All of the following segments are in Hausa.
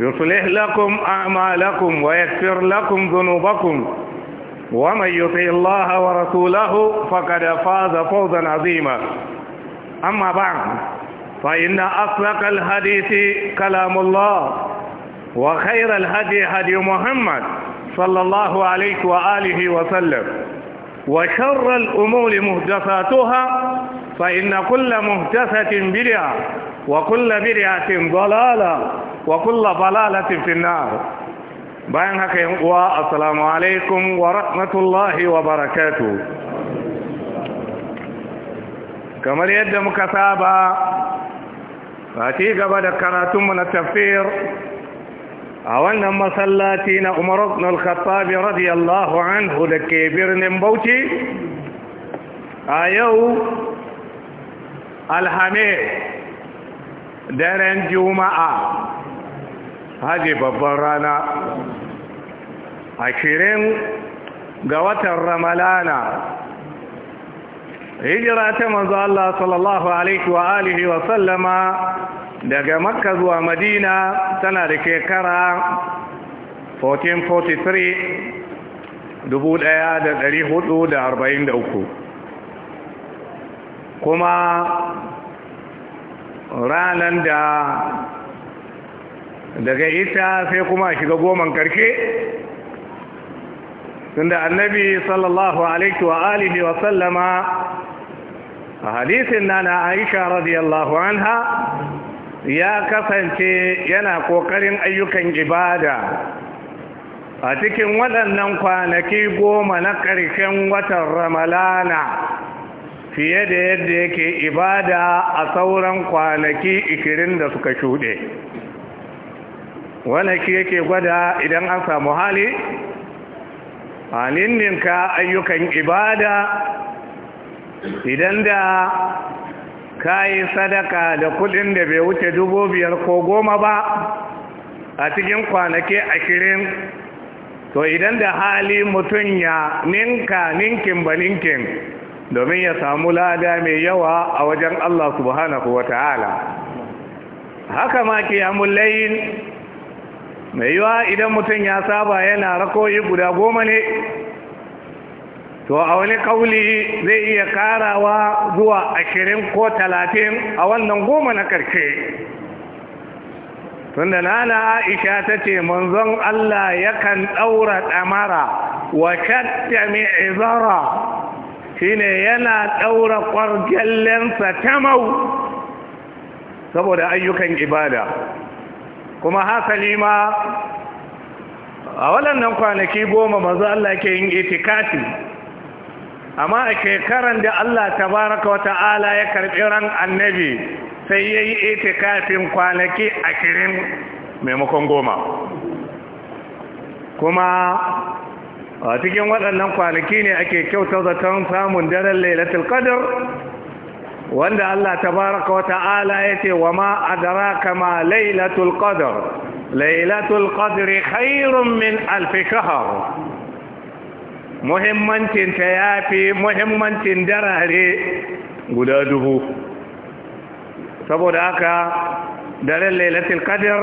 يصلح لكم أعمالكم ويكفر لكم ذنوبكم ومن يطع الله ورسوله فقد فاز فوزا عظيما أما بعد فإن أصدق الحديث كلام الله وخير الهدي هدي محمد صلى الله عليه وآله وسلم وشر الأمور مهدثاتها فإن كل مهدثة بدعة وكل بدعة ضلالة وكل ضلالة في النار بين هكا السلام عليكم ورحمة الله وبركاته كما يد مكتابة فاتيك بعد كراتم من التفسير أولنا مسلاتين أمر بن الخطاب رضي الله عنه لكبير نمبوتي أيو الحميد دارن جمعة haji babban rana a shirin ga watan ramalana hijira ta manzo Allah sallallahu alaihi wa alihi wa sallama daga makka zuwa madina tana da shekara 1443 1443 kuma ranar da daga ita sai kuma shiga goman karshe tunda annabi sallallahu alaihi wa alihi wa sallama a hadisin na aisha radiyallahu anha ya kasance yana kokarin ayyukan ibada a cikin waɗannan kwanaki goma na ƙarshen watan ramalana fiye da yadda yake ibada a sauran kwanaki 20 da suka shuɗe wannan shi yake gwada idan an samu hali halin ninka ayyukan ibada idan da ka sadaka da kudin da bai wuce dubu biyar ko goma ba a cikin kwanaki ashirin to idan da hali mutum ya ninka ninkin ba ninkin domin ya samu lada mai yawa a wajen Allah subhanahu wa ta'ala haka ma kiyamun layin mai yiwa idan mutum ya saba yana rakoyi guda goma ne to a wani kauli zai iya karawa zuwa ashirin ko talatin a wannan goma na karshe tunda nana aisha ta ce manzon Allah yakan ɗaura ɗamara wa shatta shi shine yana ɗaura ƙwarjallensa ta mau saboda ayyukan ibada kuma hasali ma a waɗannan kwanaki goma mazu Allah ke yin itikati amma a shekarar da Allah tabaraka wa ta'ala ya karɓi ran annabi sai ya yi itikafin kwanaki a kirin maimakon goma kuma a cikin waɗannan kwanaki ne ake kyauta zaton samun daren lailatul qadr wanda Allah tabaraka wa ta'ala yace wa ma adraka ma lailatul qadr lailatul qadr khairun min alf shahr muhimmancin ta yafi muhimmancin darare guda dubu saboda haka daren lailatul qadr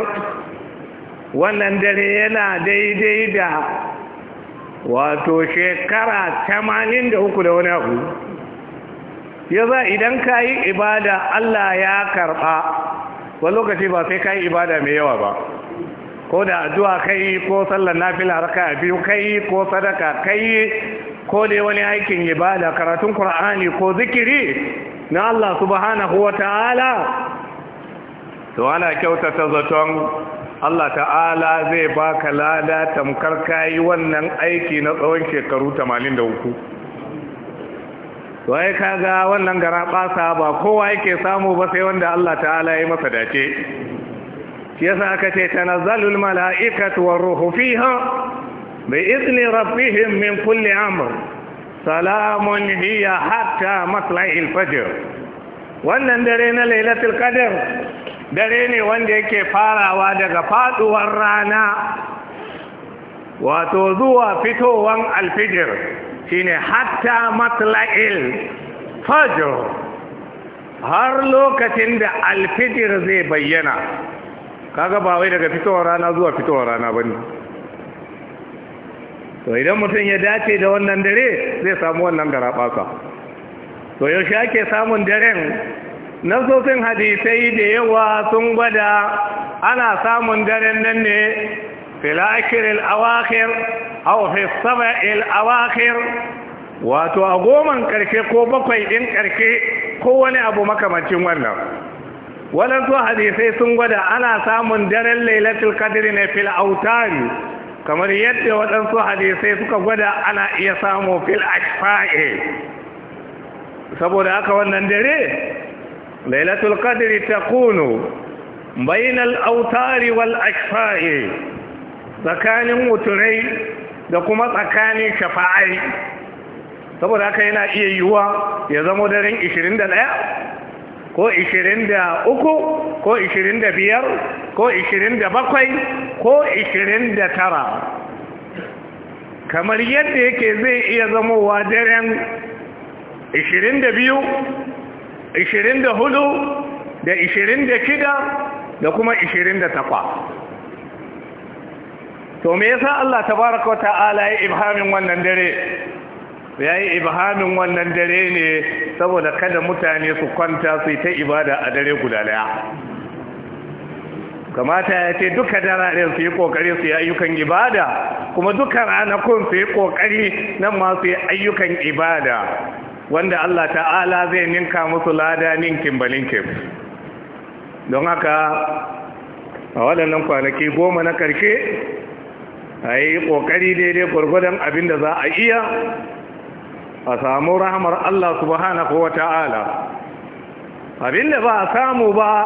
wannan dare yana daidai da wato shekara 83 da wani abu ya za idan ka yi ibada Allah ya karɓa wani lokaci ba sai ka yi ibada mai yawa ba ko da addu'a kai ko sallar nafila raka biyu kai ko sadaka kai ko dai wani aikin ibada karatun Kur'ani ko zikiri na Allah subhanahu wa ta'ala to ana kyautata zaton Allah ta'ala zai baka lada tamkar kayi wannan aiki na tsawon shekaru 83 to ka kaga wannan gara basa ba kowa yake samu ba sai wanda Allah ta'ala ya masa dace shi yasa aka ce tanazzalul mala'ikatu waruhu fiha bi izni rabbihim min kulli amr salamun hiya hatta matla'il fajr wannan dare na lailatul qadr dare ne wanda yake farawa daga faduwar rana wato zuwa fitowan alfijir shine hatta matla'il fajr har lokacin da alfijir zai bayyana kaga ba wai daga fitowar rana zuwa fitowar rana bane to idan mutum ya dace da wannan dare zai samu wannan garabasa to yaushe ake samun daren nasosin hadisai da yawa sun gwada ana samun daren nan ne filakirin awakir aw fi sab'il awakhir wato a goman karfe ko bakwai din karshe ko wani abu makamancin wannan waɗansu hadisai sun gwada ana samun daren lailatul qadri ne fil kamar yadda wadansu hadisai suka gwada ana iya samu fil ashfa'i saboda haka wannan dare lailatul qadri takunu bainal autari wal ashfa'i tsakanin muturai da kuma tsakanin shafa'ai saboda haka yana iya yiwuwa ya zama darin 21 ko 23 ko 25 ko 27 ko 29 kamar yadda yake zai iya zama wa darin 22 ishirin da hudu da ishirin da da shida kuma ishirin da takwa to me yasa Allah tabaraka wa ta'ala ya ibhamin wannan dare ya yi ibhamin wannan dare ne saboda kada mutane su kwanta su yi ta ibada a dare guda daya kamata ya ce duka dararen su yi kokari su yi ayyukan ibada kuma duka ranakun su yi kokari nan ma su yi ayyukan ibada wanda Allah ta'ala zai ninka musu lada ninkin balinkin don haka a waɗannan kwanaki goma na ƙarshe a yi ƙoƙari daidai gwargwadon abin da za a iya a samu rahamar Allah subhanahu wa ta'ala abin da ba a samu ba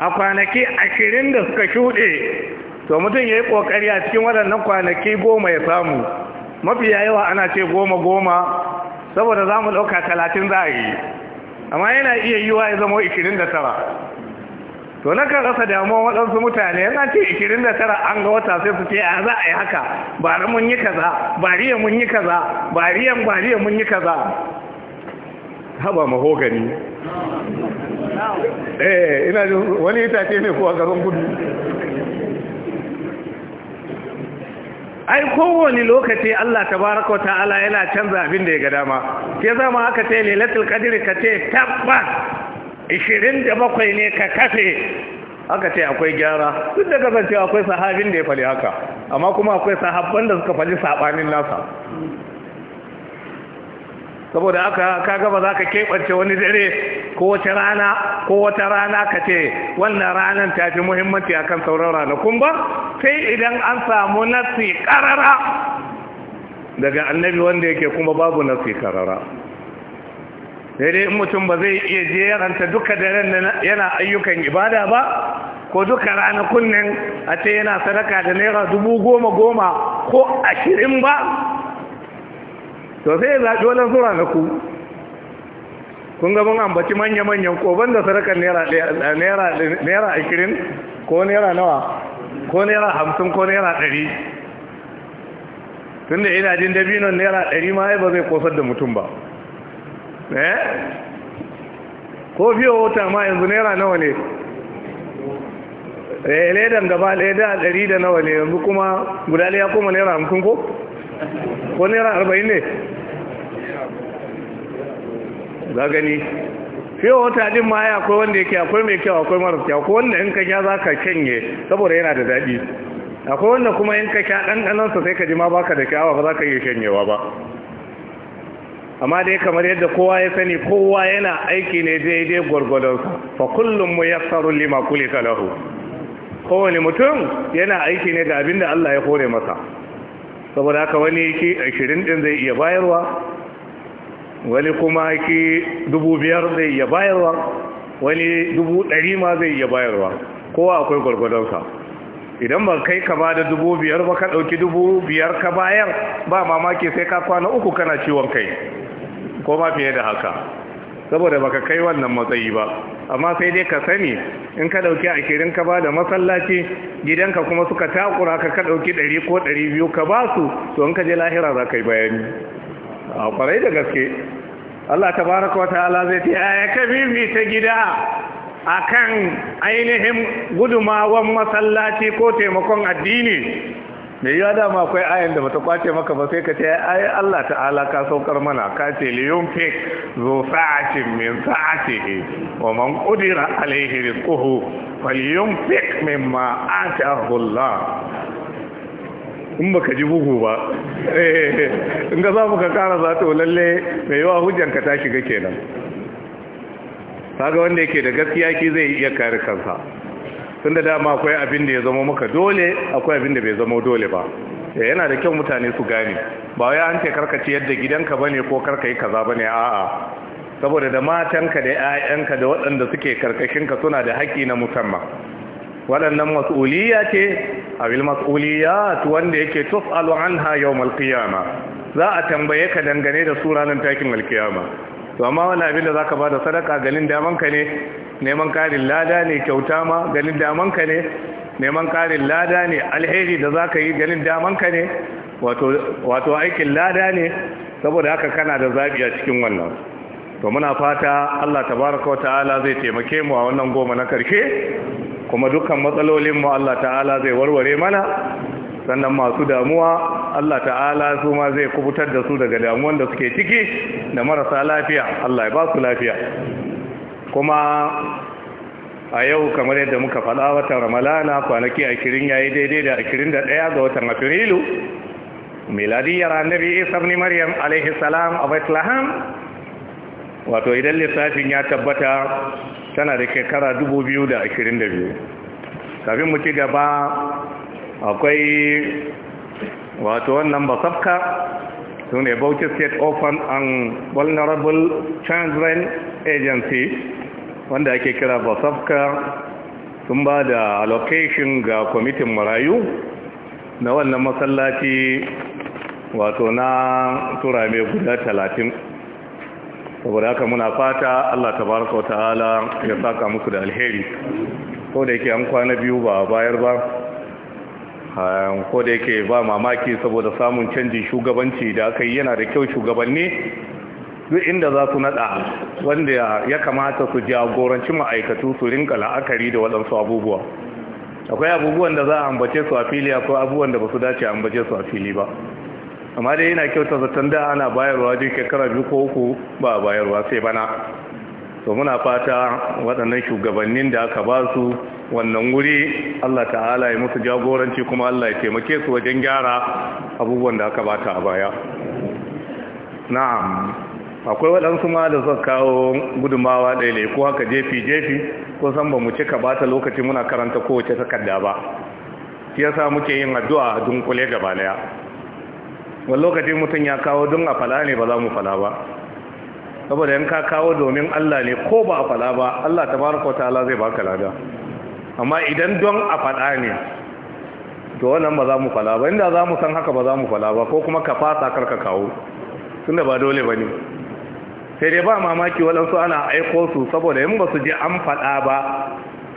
a kwanaki ashirin da suka shuɗe to mutum ya yi ƙoƙari a cikin waɗannan kwanaki goma ya samu mafi yawa ana ce goma goma saboda za mu ɗauka talatin za a yi amma yana iya yiwa ya zama da tara. to na kan rasa damuwa waɗansu mutane yana ce 29 an ga wata sai su ce a za a yi haka bari mun yi kaza ya mun yi kaza bari bariya mun yi kaza haba mahogani eh ina ji wani itace ne kuwa garin gudu ai kowane lokaci Allah tabaraka ta'ala yana canza abin da ya ga dama ke zama aka ce lailatul qadri ka ce tabbas ishirin da bakwai ne ka kafe aka ce akwai gyara duk da kasancewa akwai sahabin da ya fali haka amma kuma akwai sahabban da suka fali saɓanin nasa saboda aka kaga ba za ka keɓance wani dare ko wata rana ko wata rana ka ce wannan ranar ta fi muhimmanci akan sauran ranakun ba sai idan an samu nasi ƙarara daga annabi wanda yake kuma babu nasi ƙarara da dai in mutum ba zai iya jeranta duka daren yana ayyukan ibada ba ko duka ranakun nan a ce yana sadaka da naira dubu goma goma ko ashirin ba to sai ya zaɓi na ku. kun ga mun ambaci manya-manyan koban da sadakar naira ashirin ko naira nawa ko naira hamsin ko naira ɗari tun da ina jin dabinon naira ɗari ma ba zai kosar da mutum ba eh ko fiye wata ma yanzu naira nawa ne eh ledan gaba ɗaya da ɗari da nawa ne yanzu kuma guda ɗaya kuma naira hamsin ko ko naira arba'in ne za gani fiye wata din ma ya akwai wanda yake akwai mai kyau akwai mara kyau ko wanda in ka za ka kyanye saboda yana da daɗi akwai wanda kuma in ka sha ɗanɗanansa sai ka ji ma baka da kyawa ba za ka iya shanyewa ba amma dai kamar yadda kowa ya sani kowa yana aiki ne daidai gwargwadonsa fa kullum mu yassaru lima ta lahu kowane mutum yana aiki ne ga abin da Allah ya kore masa saboda haka wani yake ashirin din zai iya bayarwa wani kuma dubu biyar zai iya bayarwa wani dubu ɗari ma zai iya bayarwa kowa akwai gwargwadonsa idan ba kai ka ba da dubu biyar ba ka ɗauki dubu biyar ka bayar ba mamaki sai ka kwana uku kana ciwon kai ko ma fiye da haka saboda baka kai wannan matsayi ba amma sai dai ka sani in ka dauki ashirin ka ba da masallaci gidanka kuma suka takura ka ka dauki ɗari ko ɗari biyu ka ba su to in ka je lahira za ka yi bayani a kwarai da gaske Allah ta baraka wata ala zai ta ya ka ta gida a kan ainihin gudumawan masallaci ko taimakon addini me ya dama akwai ayan da bata kwace maka ba sai ka ce ai Allah ta'ala ka saukar mana ka ce li yunfik zu sa'atin min sa'atihi wa man qudira alayhi rizquhu falyunfik mimma ataahu Allah in baka ji bugu ba eh, in ga za mu ka kara za to lalle mai yawa ka ta shiga kenan kaga wanda yake da gaskiya ki zai iya kare kansa tun da dama akwai abin da ya zama maka dole akwai abin da bai zama dole ba eh, yana da kyau mutane su gane ba wai an ce karkaci yadda gidanka bane ko karka yi kaza bane a'a saboda da matanka da 'ya'yanka da waɗanda suke karkashinka suna da haƙƙi na musamman waɗannan mas'uliyya ce mas'uliyya mas'uliyat wanda yake tus'alu anha yawmal qiyama za a tambaye ka dangane da su ranar takin alkiyama to amma wani abin da za ka ba da sadaka ganin damanka ne neman karin lada ne kyauta ma ganin damanka ne neman karin lada ne alheri da za ka yi ganin damanka ne wato aikin lada ne saboda haka kana da zaɓi a cikin wannan to muna fata Allah tabaraka wa ta'ala zai taimake mu a wannan goma na karshe kuma dukkan matsalolinmu Allah ta'ala zai warware mana sannan masu damuwa Allah ta'ala su ma zai kubutar da su daga damuwan da suke ciki da marasa lafiya Allah ya ba su lafiya kuma a yau kamar yadda muka faɗa watan ramalana kwanaki ashirin yayi daidai da ashirin da ɗaya ga watan afrilu miladiyar annabi isa ibn maryam alaihi salam a bethlehem wato idan lissafin ya tabbata tana da shekara biyu kafin mu ci gaba akwai wato wannan basafka su ne bauchi state open and vulnerable children agency wanda ake kira basafka sun ba da allocation ga kwamitin marayu na wannan masallaci wato na tura mai guda talatin saboda haka muna fata Allah tabaraka wa ta'ala ya saka musu da alheri ko da yake an kwana biyu ba bayar ba ko da yake ba mamaki saboda samun canjin shugabanci da aka yi yana da kyau shugabanni duk inda za su nada wanda ya kamata su jagoranci ma'aikatu su rinka la'akari da waɗansu abubuwa akwai abubuwan da za a ambace su a fili akwai abubuwan da ba su dace a ambace su a fili ba amma dai yana ta zaton da ana bayarwa duk shekara biyu ko uku ba bayarwa sai bana to muna fata waɗannan shugabannin da aka ba su wannan wuri Allah ta'ala ya musu jagoranci kuma Allah ya taimake su wajen gyara abubuwan da aka bata a baya na'am akwai waɗansu ma da suka kawo gudunmawa ɗaya ko haka jefi-jefi ko san ba mu ka bata lokaci muna karanta kowace takarda ba shi sa muke yin addu'a a dunkule gaba daya wani lokacin mutum ya kawo don a fala ne ba za mu fala ba saboda yan ka kawo domin Allah ne ko ba a fala ba Allah ta baraka wata ala zai baka lada amma idan don a faɗa ne to wannan ba za mu fala ba inda za mu san haka ba za mu fala ba ko kuma ka fasa karka kawo tunda ba dole ba ne sai dai ba mamaki waɗansu ana aiko su saboda in ba su je an faɗa ba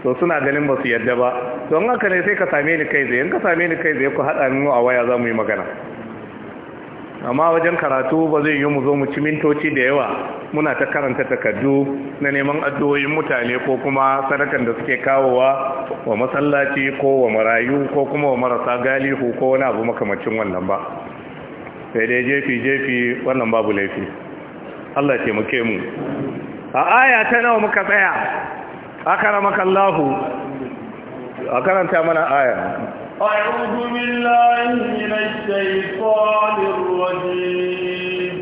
to suna ganin ba su yadda ba don haka ne sai ka same ni kai zai in ka same ni kai zai ku haɗa nuna a waya za mu yi magana amma wajen karatu ba zai yi mu zo mu ci mintoci da yawa muna ta karanta takardu na neman addu'o'in mutane ko kuma sadakan da suke kawowa wa masallaci ko wa marayu ko kuma wa marasa galihu ko wani abu makamacin wannan ba sai dai jefi jefi wannan babu laifi Allah muke mu a aya ta nawa muka tsaya akramaka Allahu a karanta mana aya أعوذ بالله من الشيطان الرجيم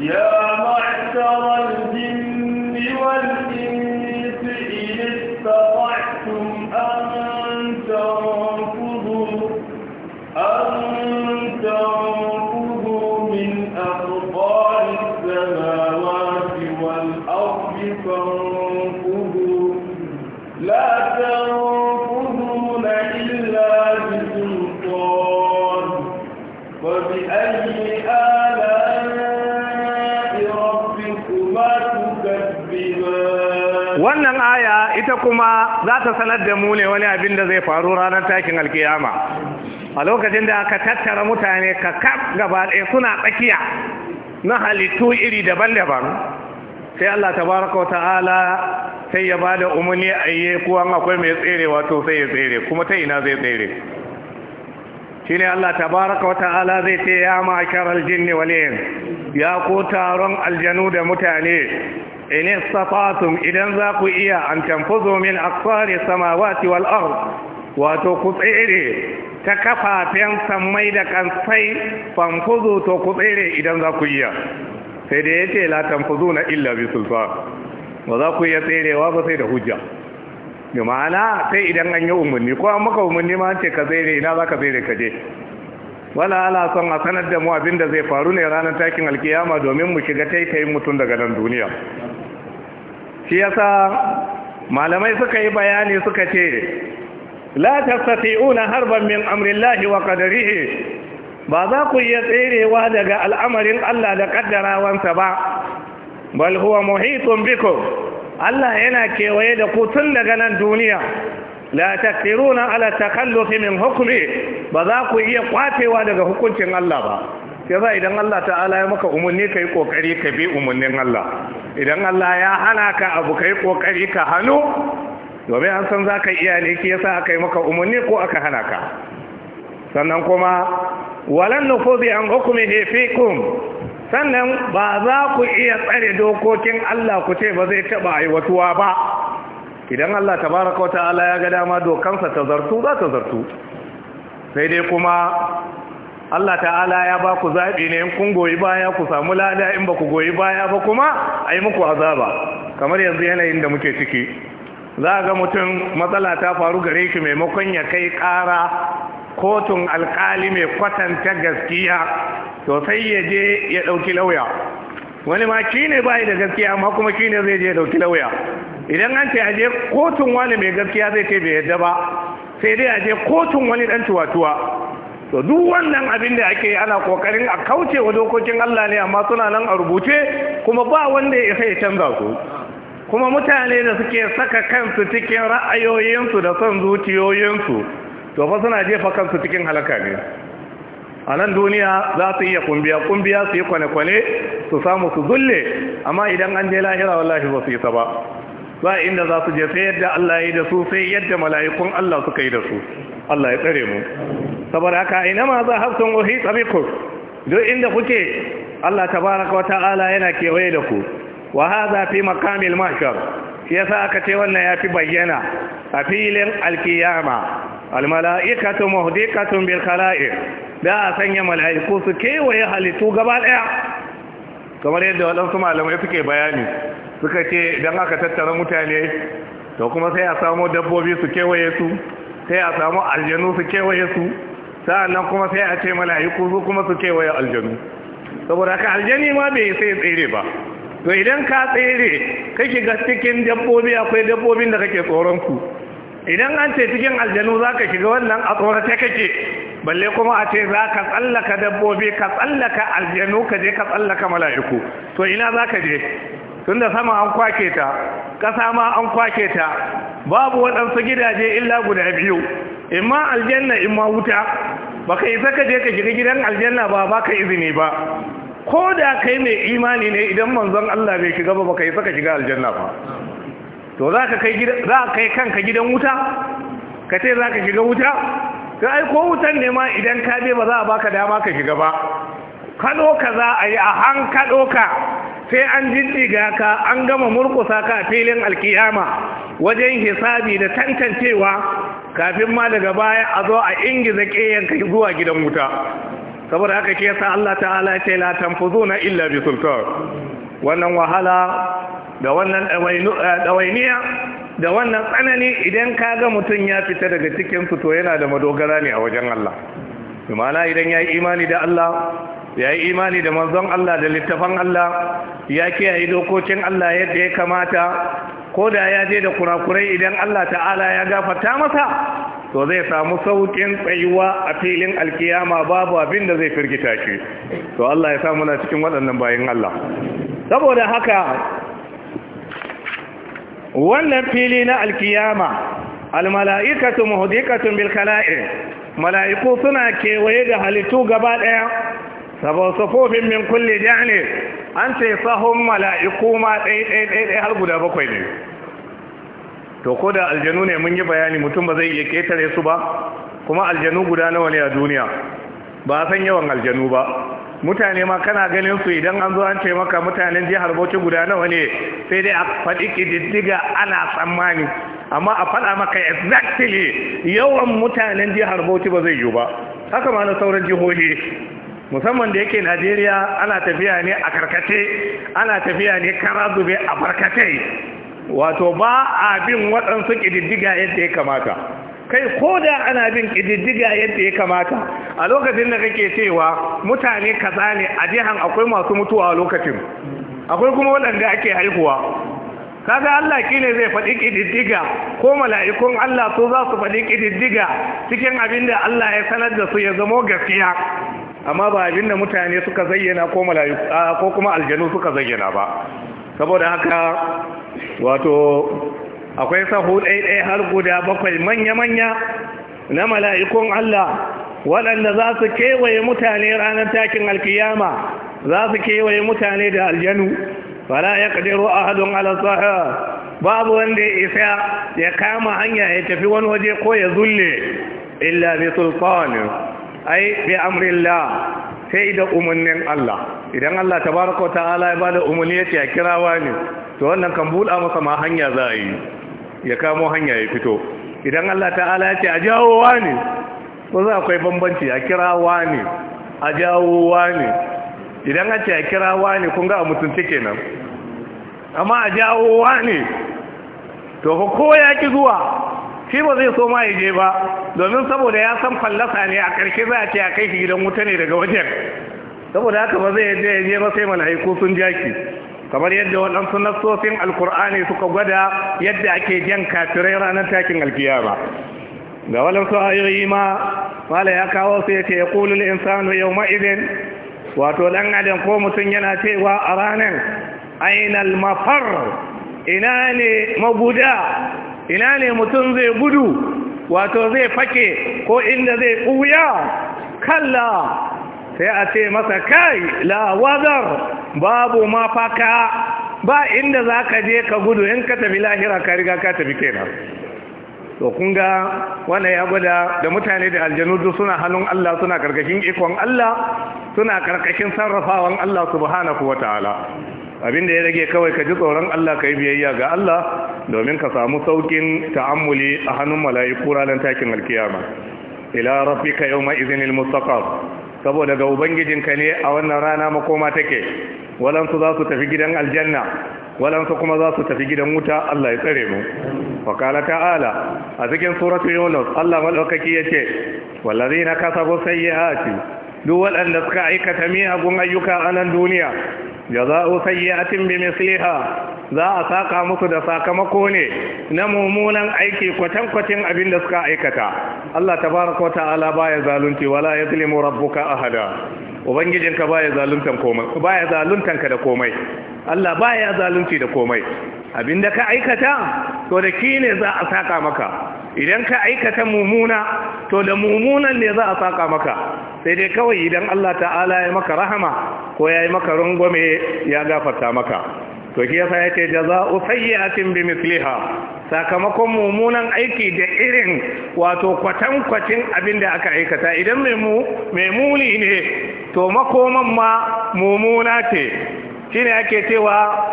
يا معشر الجن والإنس إن استطعتم أن أن من السماوات والأرض لا تنفذوا wannan aya ita kuma za ta sanar da mu ne wani abin da zai faru ranar takin alkiyama a lokacin da aka tattara mutane ka kaf gaba ɗaya suna tsakiya na halittu iri daban-daban sai Allah baraka wa ta'ala sai ya ba da umarni a yi kuwan akwai mai tsere wato sai ya tsere kuma ta ina zai tsere shi ne Allah baraka wa ta'ala zai ce ya ma'akar aljinni wal ya ko taron aljanu da mutane in istata'tum idan za ku iya an tanfuzo min aqsari samawati wal ard wato ku tsere ta kafafen sammai da kansai fanfuzu to ku tsere idan za ku iya sai da yace la tanfuzuna illa bi sultan ba za ku iya tserewa ba sai da hujja bi ma'ana sai idan an yi umarni ko an maka umarni ma ce ka tsere ina za ka tsere ka je wala ala son a sanar da mu abin da zai faru ne ranar takin alkiyama domin mu shiga taitayin mutum daga nan duniya shi yasa malamai suka yi bayani suka ce la tastati'una harban min amrillahi wa qadarihi ba za ku iya tserewa daga al'amarin Allah da kaddarawansa ba bal huwa muhitun bikum Allah yana kewaye da ku tun daga nan duniya la na ala takallufi min hukmi ba za ku iya kwatewa daga hukuncin Allah ba ba idan Allah ta'ala ya maka umarni kai kokari ka bi umarnin Allah idan Allah ya hana ka abu kai kokari ka hannu domin an san zaka iya ne ki yasa aka yi maka umarni ko aka hana ka sannan kuma walan nufuzi an hukumihi fikum sannan ba za ku iya tsare dokokin Allah ku ce ba zai taba aiwatuwa ba idan Allah tabaraka wa ta'ala ya ga dama dokansa ta zartu za ta zartu sai dai kuma Allah ta'ala ya ba ku zaɓi ne in kun goyi baya ku samu lada in ba ku goyi baya ba kuma a yi muku azaba kamar yanzu yanayin da muke ciki za a ga mutum matsala ta faru gare shi maimakon ya kai ƙara kotun alkali mai kwatanta gaskiya to sai ya je ya ɗauki lauya wani ma shi ne bayi da gaskiya amma kuma shi ne zai je ya ɗauki lauya idan an ce aje kotun wani mai gaskiya zai ce bai yadda ba sai dai a je kotun wani dan tuwatuwa to duk wannan abin da ake ana kokarin a kauce wa dokokin Allah ne amma suna nan a rubuce kuma ba wanda ya isa ya canza su kuma mutane da suke saka kansu cikin ra'ayoyinsu da son zuciyoyinsu to fa suna jefa kansu cikin halaka ne a nan duniya za su iya kumbiya kumbiya su yi kwane-kwane su samu su zulle amma idan an je lahira wallahi ba su yi ta ba za inda za su je sai yadda Allah ya yi da su sai yadda mala'ikun Allah suka yi da su Allah ya tsare mu saboda haka ina ma za hafsun wahi tsabiku duk inda kuke Allah tabaraka wa ta'ala yana kewaye da ku wa hadha fi maqamil mahshar shi yasa aka ce wannan yafi bayyana a filin alkiyama almala'ikatu muhdiqatun bil khala'iq da a sanya mala'iku su kewaye halittu gaba daya kamar yadda wadansu malamai suke bayani suka ce don aka tattara mutane to kuma sai a samu dabbobi su kewaye su sai a samu aljanu su kewaye su nan kuma sai a ce mala'iku su kuma su kewaye aljanu saboda ka aljani ma bai sai tsere ba to idan ka tsere kake ga cikin dabbobi akwai dabbobin da kake tsoron ku idan an ce cikin aljanu za ka shiga wannan a tsorata kake balle kuma a ce za ka tsallaka dabbobi ka tsallaka aljanu ka je ka tsallaka mala'iku to ina za ka je tunda sama an kwake ta ƙasa ma an kwake ta babu waɗansu gidaje illa guda biyu imma aljanna imma wuta baka isa ka je ka shiga gidan aljanna ba baka izini ba ko da kai mai imani ne idan manzon Allah bai shiga ba baka isa ka shiga aljanna ba to za ka kai za ka kai kanka gidan wuta ka ce za ka shiga wuta to ai ko wutan ne ma idan ka je ba za a baka dama ka shiga ba kado ka za a yi a hankalo ka sai an jijjiga ka an gama murkusa ka a filin alkiyama wajen hisabi da tantancewa kafin ma daga baya a zo a ingiza ƙeyanka zuwa gidan wuta saboda haka ke sa Allah ta'ala ce la tanfuzuna illa bi sultan wannan wahala da wannan dawainiya eh, da wannan tsanani idan ka ga mutum ya fita daga cikin to yana da madogara ne a wajen Allah imana idan ya yi imani da Allah ya yi imani da manzon Allah da littafan Allah ya kiyaye dokokin Allah yadda ya kamata ko da ya je da kurakurai idan Allah ta'ala ya gafarta masa to zai samu sauƙin tsayuwa a filin alkiyama babu abin da zai firgita shi to Allah ya samu na cikin waɗannan bayan Allah saboda haka wannan fili na alkiyama almala'ikatu muhdiqatun bil mala'iku suna kewaye da halittu gaba ɗaya sabon safofin min kulle ne an ce sahun mala'iku ma ɗai har guda bakwai ne to ko da aljanu ne mun yi bayani mutum ba zai iya ketare su ba kuma aljanu guda nawa ne a duniya ba a san yawan aljanu ba mutane ma kana ganin su idan an zo an ce maka mutanen jihar bauchi guda nawa ne sai dai a faɗi ƙididdiga ana tsammani amma a faɗa maka exactly yawan mutanen jihar bauchi ba zai yiwu ba haka ma na sauran jihohi musamman da yake najeriya ana tafiya ne a karkace ana tafiya ne kara zube a barkatai wato ba a bin waɗansu ƙididdiga yadda ya kamata kai ko da ana bin ƙididdiga yadda ya kamata a lokacin da kake cewa mutane kaza ne a jihan akwai masu mutuwa a lokacin akwai kuma waɗanda ake haihuwa kaga Allah ne zai faɗi ƙididdiga ko mala'ikun Allah su za su faɗi ƙididdiga cikin abin da Allah ya sanar da su ya zamo gaskiya amma ba abin da mutane suka zayyana ko mala'iku ko kuma aljanu suka zayyana ba saboda haka wato akwai sahu ɗaiɗai har guda bakwai manya-manya na mala'ikun Allah waɗanda za su kewaye mutane ranar takin alkiyama za su kewaye mutane da aljanu fara ya ƙadiru a hadin alasaha babu wanda ya isa ya kama hanya ya tafi wani waje ko ya zulle illa bi sultanin ai bi amrillah sai da umarnin Allah idan Allah tabaraka ta'ala ya bada umarni yace ya kirawa ne to wannan kan bula masa ma hanya za a yi ya kamo hanya ya fito idan Allah ta'ala ya ce a jawo wani ko za akwai bambanci a kira wani a jawo wani idan a ce a kira wani kun ga mutunci kenan amma a jawo wani to ko ya ki zuwa shi ba zai so ma ya je ba domin saboda ya san fallasa ne a ƙarshe za a ce a kai shi gidan wuta ne daga wajen saboda haka ba zai je ya je ba sai mala'iku sun jaki kamar yadda waɗansu nassofin alkur'ani suka gwada yadda ake jan kafirai ranar takin alkiyama ga waɗansu ayoyi ma mala ya kawo su ya ce ya kulul insanu yau ma'idin wato ɗan adam ko mutum yana cewa a ranar ainal mafar ina ne mabuda ina ne mutum zai gudu wato zai fake ko inda zai ɓuya kalla sai a ce masa kai lawazar babu mafaka ba inda za ka je ka gudu in ka tafi lahira ka riga ka tafi kenan to kunga ga ya gwada da mutane da aljanu suna hannun Allah suna karkashin ikon Allah suna karkashin sarrafawan Allah subhanahu wataala abin da ya rage kawai ka ji tsoron Allah ka yi biyayya ga Allah domin ka samu saukin ta'ammuli a hannun mala'iku ranar takin alkiyama ila rabbika yawma idhinil mustaqar saboda ga ubangijinka ne a wannan rana makoma take walansu za su tafi gidan aljanna walansu kuma za su tafi gidan wuta Allah ya tsare mu Wakala kala ta'ala a cikin suratu yunus Allah madaukaki yace wallazina kasabu sayyi'ati duk waɗanda suka aikata miyagun ayyuka a nan duniya jaza'u sayyi'atin bi misliha za a saka musu da sakamako ne na mummunan aiki kwatankwacin abin da suka aikata Allah tabaraka wata'ala baya zalunci wala yazlimu rabbuka ahada ubangijinka baya zaluntan komai baya ka da komai Allah baya zalunci da komai Abin da ka aikata to da ki ne za a saka maka idan ka aikata mumuna to da mumunan ne za a saka maka sai dai kawai idan Allah ta'ala ya maka rahama ko ya yi maka rungume ya gafarta maka to ki yasa yace jaza'u sayyi'atin misliha sakamakon mumunan aiki da irin wato kwatan kwacin abin da aka aikata idan mai muli ne to makoman ma mumuna ce shine ake cewa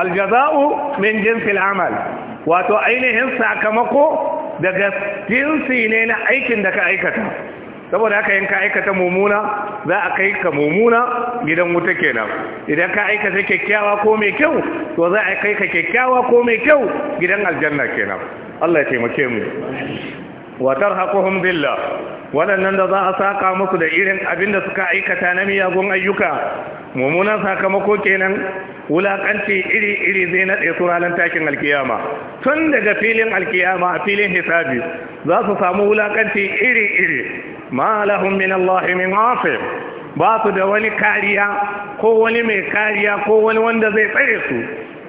aljaza'u min jinsil amal wato ainihin sakamako daga jinsi ne na aikin da ka aikata saboda haka yin ka aikata mummuna za a kai ka mummuna gidan wuta kenan idan ka aikata kyakkyawa ko mai kyau to za a kai ka kyakkyawa ko mai kyau gidan aljanna kenan Allah ya taimake mu wa tarhaquhum billah waɗannan da za a saka musu da irin abin da suka aikata na miyagun ayyuka mummunan sakamako kenan wulakanci iri-iri zai naɗe su ranar takin alkiyama tun daga filin alkiyama a filin hisabi za su samu wulakanci iri-iri ma lahum min Allah min asir ba su da wani kariya ko wani mai kariya ko wani wanda zai tsare su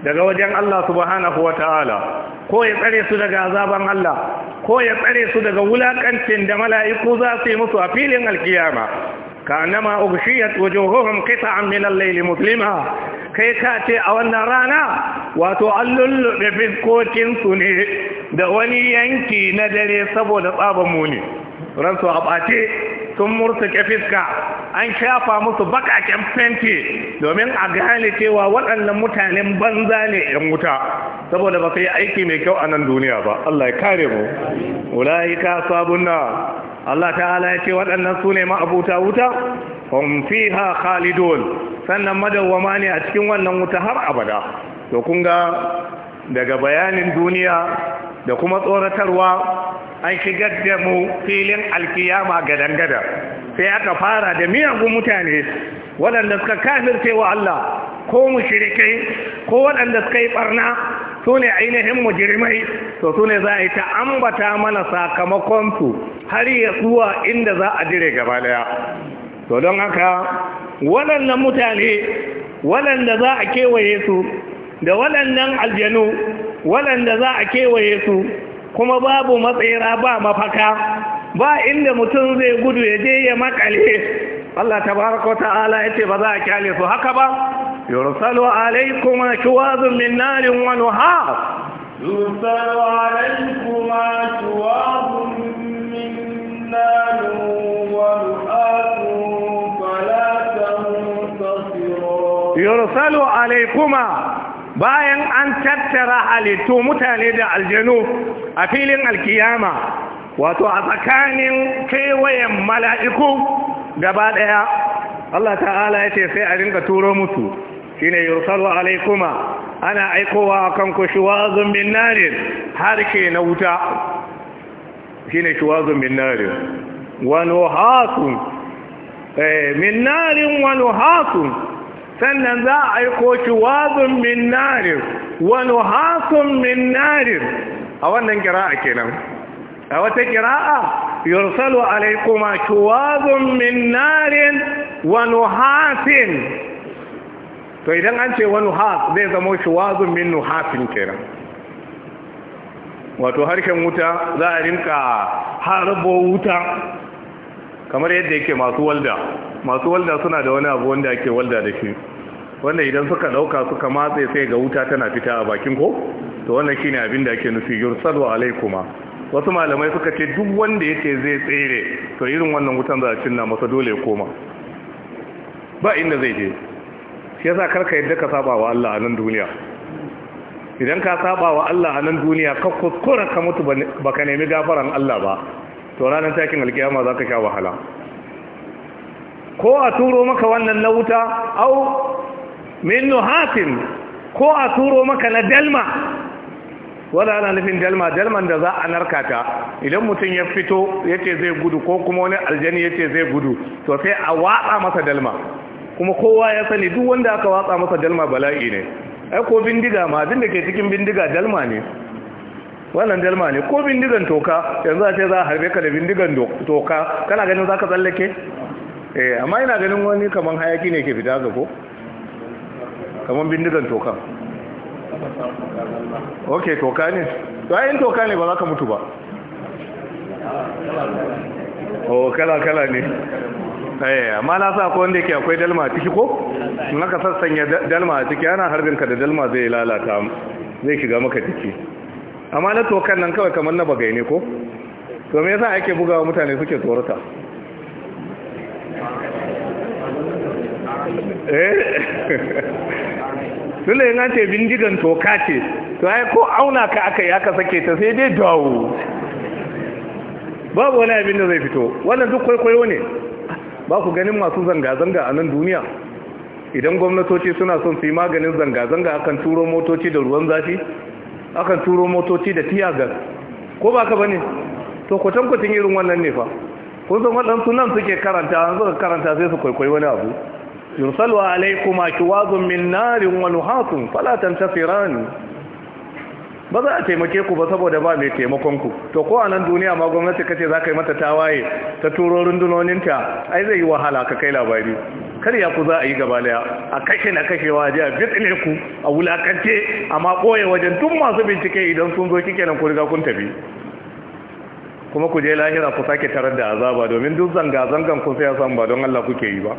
daga wajen Allah subhanahu wa ta'ala ko ya tsare su daga azaban Allah ko ya tsare su daga wulakancin da mala'iku za su yi musu a filin alkiyama kanama wajen wujuhuhum qita'an min al Laili, muslima kai ka ce a wannan rana wato an lullube fiskokin su ne da wani yanki na dare saboda tsaban muni ransu a ɓace sun murtuke fiska an shafa musu baƙaƙen fenti domin a gane cewa waɗannan mutanen banza ne ‘yan wuta saboda ba yi aiki mai kyau a nan duniya ba Allah ya kare mu wula'ika sabunna Allah ta'ala ya ce waɗannan su ne ma'abuta wuta hum ha khalidun sannan madawwama ne a cikin wannan wuta har abada to kun ga daga bayanin duniya da kuma tsoratarwa an shigar da mu filin alkiyama gadangada sai aka fara da miyagun mutane waɗanda suka kafirce wa Allah ko mushrikai ko waɗanda suka yi barna su ne ainihin mujirmai to su ne za a yi ta ambata mana sakamakonsu har ya inda za a dire gaba daya to don haka waɗannan mutane waɗanda za a kewaye su da waɗannan aljanu waɗanda za a kewaye su kuma babu matsayira ba mafaka ba inda mutum zai gudu ya je ya makale Allah ta tabaraka ta'ala ya ce ba za a kyale su haka ba yursalu alaykum shuwazun min narin wa nuhar yursalu alaykum shuwazun min narin wa nuhar fala tantasirun yursalu alaykuma bayan an tattara halittu mutane da aljanu a filin alkiyama wato a tsakanin kewayen mala'iku gaba ɗaya Allah ta'ala ya ce sai a rinka turo mutu shi ne yursalu alaikuma ana aikowa a kan ku shuwa zumbin narin harke na wuta shi ne shuwazun zumbin narin wani hasun min narin wani hasun eh, sannan za a aiko ki wazun min narin wani hasun min narin a wannan kira'a kenan a wata kira'a yursalu alaikuma shuwazun min narin wani hasin to idan an ce wani has zai zama shuwazun min nuhasin kenan wato harshen wuta za a rinka harbo wuta kamar yadda yake masu walda masu walda suna da wani abu wanda ake walda da shi wanda idan suka dauka suka matse sai ga wuta tana fita a bakin ko to wannan shine abin da ake nufi yursalu alaikuma wasu malamai suka ce duk wanda yake zai tsere to irin wannan wutan za a cinna masa dole ya koma ba inda zai je shi yasa karka yadda ka saba wa Allah a nan duniya idan ka saba wa Allah a nan duniya ka kuskura ka mutu baka nemi gafaran Allah ba to ranar takin alkiyama za ka sha wahala ko a turo maka wannan na wuta au min nuhatin ko a turo maka na dalma wala ana nufin dalma dalman da za a narka ta idan mutum ya fito ya ce zai gudu ko kuma wani aljani ya ce zai gudu to sai a watsa masa dalma kuma kowa ya sani duk wanda aka watsa masa dalma bala'i ne ai ko bindiga ma abin da ke cikin bindiga dalma ne wannan dalma ne ko bindigan toka yanzu a ce za a harbe ka da bindigan toka kana ganin za ka tsallake eh amma ina ganin wani kamar hayaki ne ke fita ga ko kamar bindigan tokan ok toka ne bayan toka ne ba za ka mutu ba o kala-kala ne eh, amma na sa ko wanda yake akwai dalma a ciki ko in aka sassanya dalma a ciki ana ka da dalma zai lalata zai shiga maka ciki amma na tokan nan kawai kamar na bagai ne ko to me yasa ake bugawa mutane suke tsorata Eh? sule ce bindigan toka ce to ai ko auna ka aka yi aka sake ta sai dai dawo babu wani abin da zai fito wannan duk kwaikwayo ne ba ku ganin masu zanga-zanga a nan duniya idan gwamnatoci suna son su yi maganin zanga-zanga akan turo motoci da ruwan zafi akan turo motoci da tiyagar ko ba ka bane to kwatankwacin irin wannan ne fa kun san waɗansu nan suke karanta an zaka karanta sai su kwaikwayi wani abu yursalu alaykuma kiwazun min narin wa فلا fala tantasirani a taimake ku ba saboda ba mai taimakon ku to ko a nan duniya ma gwamnati kace za ka yi mata tawaye ta turo rundunoninta ai zai yi wahala ka kai labari ya ku za a yi gaba daya a kashe na kashewa a bitne ku a wulakance amma koye wajen tun masu bincike idan sun zo kike nan ku riga kun tafi kuma ku je lahira ku sake tarar da azaba domin duk zanga zangan ku sai san ba don Allah kuke yi ba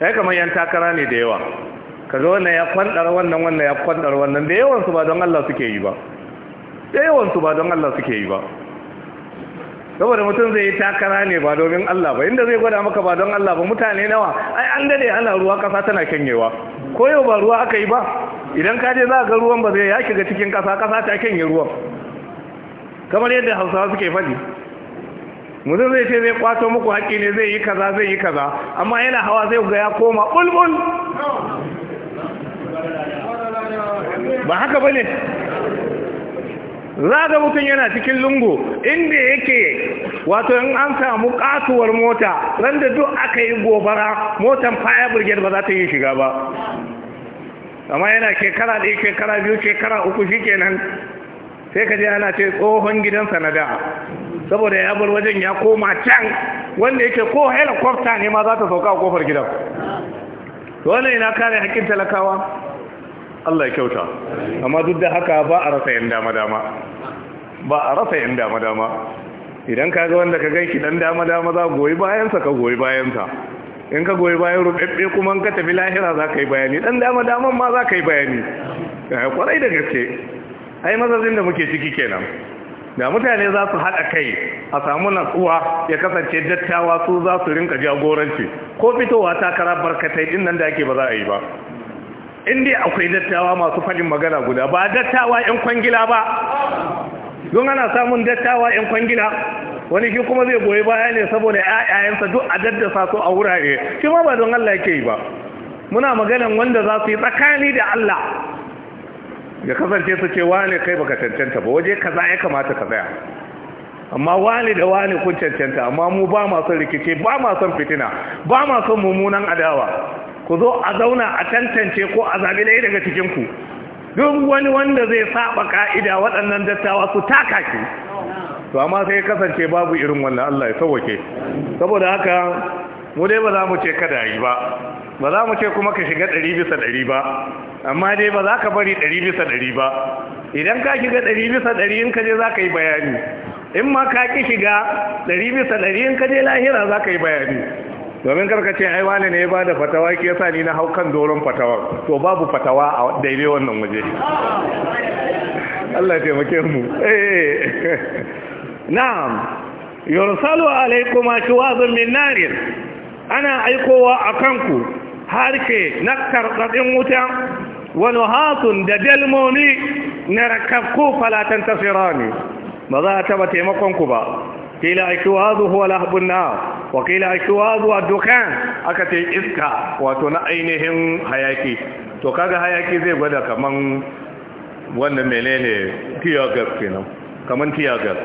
ya kamar yan takara ne da yawa zo wannan ya kwandar wannan wannan ya kwandar wannan da yawansu ba don Allah suke yi ba da yawansu ba don Allah suke yi ba saboda mutum zai yi takara ne ba domin Allah ba inda zai gwada maka ba don Allah ba mutane nawa ai an dade ana ruwa kasa tana kenyewa ko yau ba ruwa aka yi ba idan ka je za ga ruwan ba zai ya shiga cikin kasa kasa ta kenye ruwan kamar yadda Hausawa suke faɗi mutum zai ce zai kwato muku haƙi ne zai yi kaza zai yi kaza amma yana hawa zai ga ya koma bulbul ba haka bane za ga mutum yana cikin lungu inda yake wato in an samu katuwar mota ran da duk aka yi gobara motan fire brigade ba za ta yi shiga ba amma yana shekara ɗaya shekara biyu shekara uku shikenan sai ka je ana ce tsohon gidansa na da saboda ya bar wajen ya koma can wanda yake ko helikwafta ne ma za ta sauka a kofar gidan wannan ina kare haƙƙin talakawa Allah ya kyauta amma duk da haka ba a rasa yan dama dama ba a rasa yan dama dama idan ka ga wanda ka shi dan dama dama za goyi bayansa ka goyi bayansa in ka goyi bayan rubebbe kuma in ka tafi lahira za ka yi bayani dan dama daman ma za ka yi bayani kwarai eh, da gaske ai mazazin da muke ciki kenan da mutane za su haɗa kai a samu natsuwa ya kasance dattawa su za su rinka jagoranci ko fitowa takara barkatai din nan da ake ba za a yi ba in akwai dattawa masu faɗin magana guda ba dattawa 'yan kwangila ba don ana samun dattawa 'yan kwangila wani shi kuma zai goyi baya ne saboda ‘ya'yayensa duk a daddasa su a wurare shi ba don Allah yake yi ba muna maganan wanda za su yi tsakani da Allah ya kasance su ce wane kai baka cancanta ba waje kaza ya kamata ka tsaya amma wane da wane kun cancanta amma mu ba ma son rikice ba ma son fitina ba ma son mummunan adawa ku zo a zauna a tantance ko a zabi ɗaya daga cikin ku duk wani wanda zai saba ka'ida waɗannan dattawa su taka ki to amma sai kasance babu irin wannan Allah ya sauke saboda haka mu dai ba za mu ce kada yi ba ba za mu ce kuma ka shiga ɗari bisa ɗari ba amma dai ba za ka bari ɗari bisa ɗari ba idan ka shiga ɗari bisa ɗari in ka je za ka yi bayani in ma ka ƙi shiga ɗari bisa ɗari in ka je lahira za ka yi bayani domin karka ce ai wani ne ya ba da fatawa ke yasa ni na hau kan doron fatawa to babu fatawa a daidai wannan waje Allah taimake mu eh. na'am yursalu alaikum shuwazun min narin ana aikowa ku. harke na karɗaɗin wuta wani hatun da dalmomi na rakakku falatan tasira ne ba za a taɓa taimakonku ba kila aiki wazu huwa lahabun na wa kila aiki wazu a dukan aka ta iska wato na ainihin hayaki to kaga hayaki zai gwada kaman wannan menene tiyagas kenan kaman tiyagas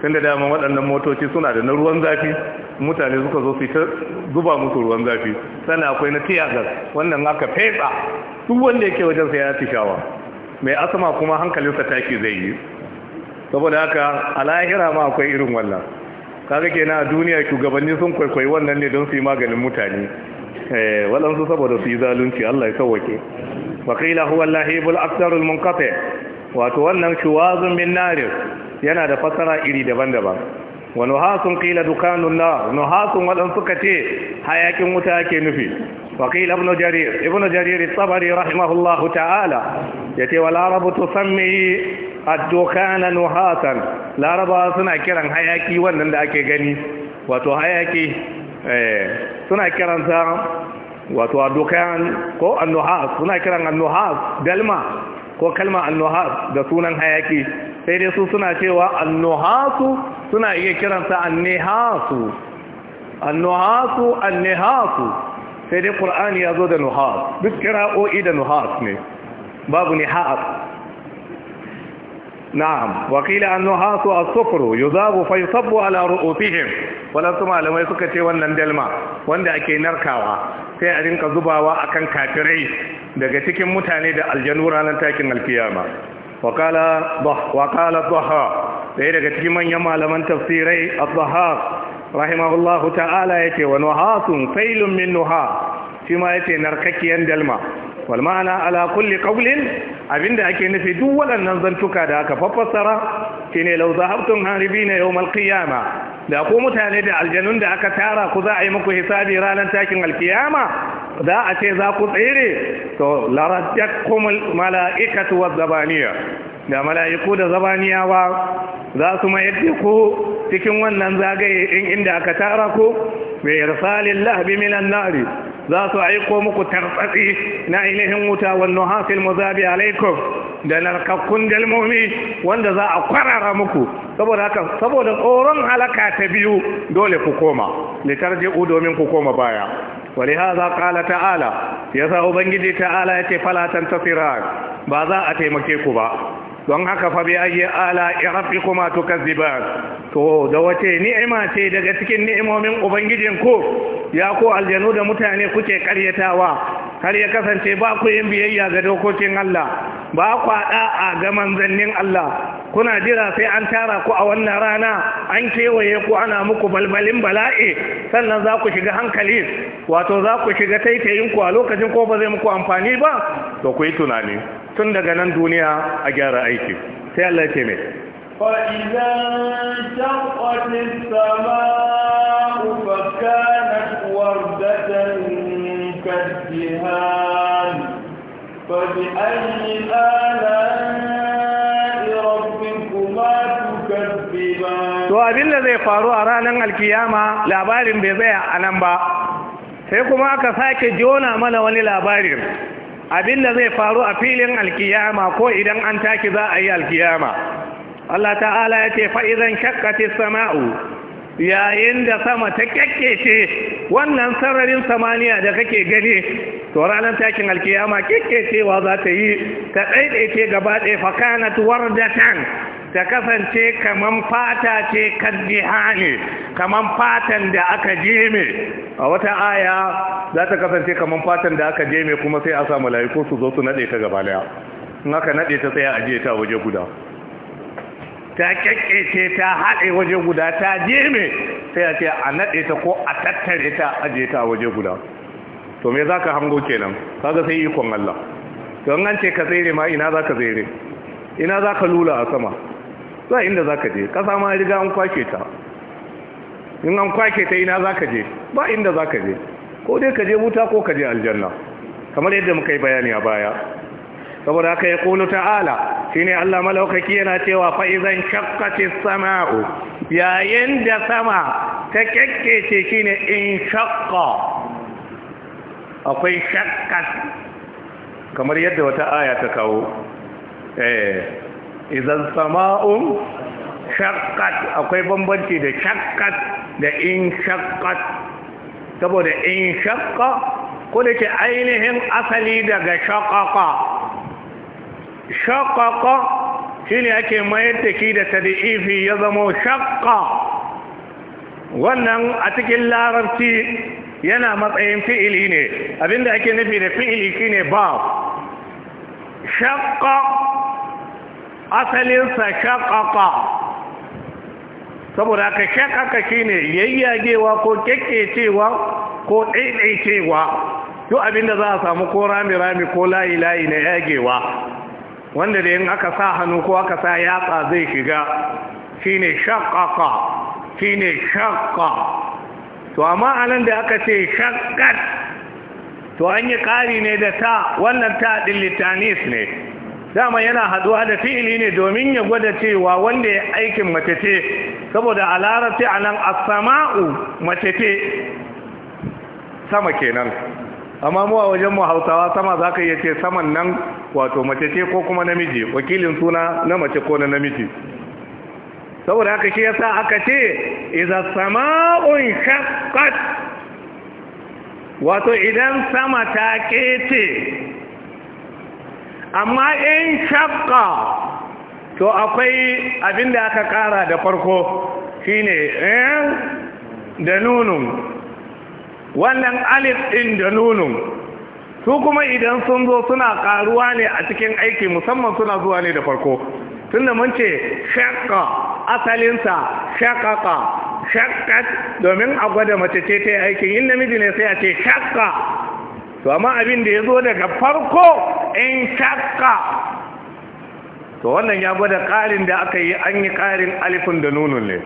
tun da dama waɗannan motoci suna da na ruwan zafi mutane suka zo su ta zuba musu ruwan zafi sannan akwai na tiyagar, wannan aka fetsa duk wanda yake wajen sai ya tishawa mai asama kuma hankalinsa taki zai yi saboda haka a lahira ma akwai irin wannan kaga kenan a duniya shugabanni sun kwaikwayi wannan ne don su yi maganin mutane eh, waɗansu saboda su yi zalunci Allah ya sauwake wakila huwa lahibul aksarul munqati wato wannan shuwazun min nar yana da fasara iri daban-daban wani hasun kila dukanun na wani hasun waɗansu suka ce hayakin wuta yake nufi وقيل ابن جرير ابن جرير الطبري رحمه الله تعالى يتي والعرب dukana الدخان نحاسا العرب suna kiran hayaki wannan da ake gani wato hayaki eh, suna kiran kiransa wato dukan ko annuhas suna kiran annuhas dalma ko kalma annuhas da sunan hayaki sai dai su suna cewa annuhasu suna iya kiransa annihasu annuhasu annihasu sai dai qur'ani ya zo da nuhas duk o'i da nuhas ne babu nihas na'am wakila annuhasu as-sufru yuzabu fa yusabbu ala ru'usihim walansu malamai suka ce wannan dalma wanda ake narkawa sai a rinka zubawa akan kafirai daga cikin mutane da aljanu ranar takin alfiyama. wakala Zahra, ɗaya daga cikin manyan malaman tafsirai a tsoha rahimahullahu ta'ala ya ce wani hasun sailun min nuha shi ma ya ce narkakkiyar dalma wal ana ala kulli qawlin abinda ake nufi duk waɗannan zantuka da aka fassara shine law zahabtum haribina yawmal Malkiyama, da ku mutane da aljanun da aka tara ku za a yi muku hisabi ranar takin alkiyama za a ce za ku tsere to laraddakum malaikatu Zabaniya da mala'iku da zabaniyawa za su mai yadda ku cikin wannan zagaye in inda aka tara ku bi irsalil lahbi minan nari za su aiko muku tartsatsi na ainihin wuta wan hasil muzabi alaikum da narkakkun dalmomi wanda za a kwarara muku saboda haka saboda tsoron halaka ta biyu dole ku koma u domin ku koma baya wale ƙala ta Ala? ya sa ubangiji ta'ala ya ce falatan tasirar ba za a taimake ku ba don haka fa bi ayi ala rabbikuma tukazziban to da wace ni'ima ce daga cikin ni'imomin ubangijin ku ya ko aljanu da mutane kuke karyatawa har ya kasance ba ku yin biyayya ga dokokin Allah ba ku a ga manzannin Allah kuna jira sai an tara ku a wannan rana an kewaye ku ana muku balbalin bala'i sannan za ku shiga hankali wato za ku shiga taitayin ku a lokacin ko ba zai muku amfani ba to ku yi tunani tun daga nan duniya a gyara aiki sai Allah ya ce mai فإذا انشقت السماء فكانت وردة كالدهان فبأي آلاء ربكما تكذبان to abin da zai faru a ranar alkiyama labarin bai zai a nan ba sai kuma aka sake jona mana wani labarin Abin da zai faru a filin alkiyama ko idan an taki za a yi alkiyama Allah ta'ala ya ce fa'izan shakkati sama'u yayin da sama ta kyakkece wannan sararin samaniya da kake gani to ranar takin alkiyama kyakkecewa za ta yi ta ɗaiɗaice gaba ɗaya fakanat wardatan ta kasance kaman fata ce kaddihani kaman fatan da aka jeme a wata aya za ta kasance kaman fatan da aka jeme kuma sai a sa mala'iku su zo su nade ta gaba daya in aka nade ta sai a ta waje guda ta ce ta haɗe waje guda ta jeme sai a ce a nade ta ko a tattare ta ajiye ta waje guda to me zaka hango kenan kaga sai ikon Allah to an ce ka tsere ma ina zaka tsere ina zaka lula a sama za inda za ka je ƙasa ma riga an kwashe ta in an kwashe ta ina za ka je ba inda za ka je ko dai ka je wuta ko ka je aljanna kamar yadda muka yi bayani a baya saboda aka yi ƙulu ta'ala shi ne Allah malaukaki yana cewa fa'izan shakkaci sama'u yayin da sama ta kyakkece shi ne in shakka akwai shakka kamar yadda wata aya ta kawo eh idan sama'un shakkat akwai bambanci da shakkat da in shakkat saboda in shakka ko da ke ainihin asali daga shakaka shakaka shi ne ake mayar da ki da tarihi ya zama shakka wannan a cikin larabci yana matsayin fi'ili ne abinda ake nufi da fi'ili ne ba shakka asalinsa shakaka saboda ka shakaka shi ne yayyagewa ko kyakkecewa ko ɗaiɗaicewa yau abinda za a samu ko rami-rami ko layi-layi na yagewa wanda da yin aka sa hannu ko aka sa yatsa zai shiga shi ne shakaka shi ne shakka to amma anan da aka ce shakkat to an yi ƙari ne da ta wannan ta ɗin litanis ne dama yana haduwa da fi'ili ne domin ya gwada cewa wanda ya aikin mace saboda a larabci a nan a sama'u ce sama kenan amma mu a wajen mu hausawa sama za ka iya ce saman nan wato mace ko kuma namiji wakilin suna na mace ko na namiji saboda haka shi yasa aka ce iza sama'un shaqqat wato idan sama ta kece amma in shakka to akwai abin da aka kara da farko shine in eh, da nunun wannan alif ɗin da nunun su kuma idan sun zo suna karuwa ne a cikin aiki musamman suna zuwa ne da farko tunda mun ce shakka asalinsa shakaka shakka. domin a gwada mace ce ta yi aikin in namiji ne sai a ce shakka to amma abin da ya zo daga farko in shakka to wannan ya gwada ƙarin da aka yi an yi ƙarin alifin da nunun ne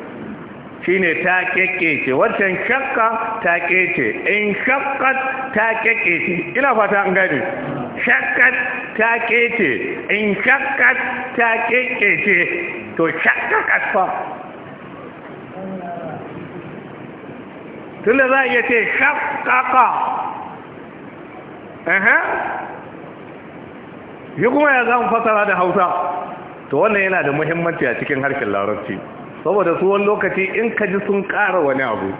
shi ne ta ce, wancan shakka ta kece in shakka ta ce, ina fata an gani Shakka ta keke, in shakka ta ce, to shakka kasfa tun za a iya ce shakkaka yi kuma ya zama fasara da hausa to wannan yana da muhimmanci a cikin harshen larabci saboda su wani lokaci in ka ji sun ƙara wani abu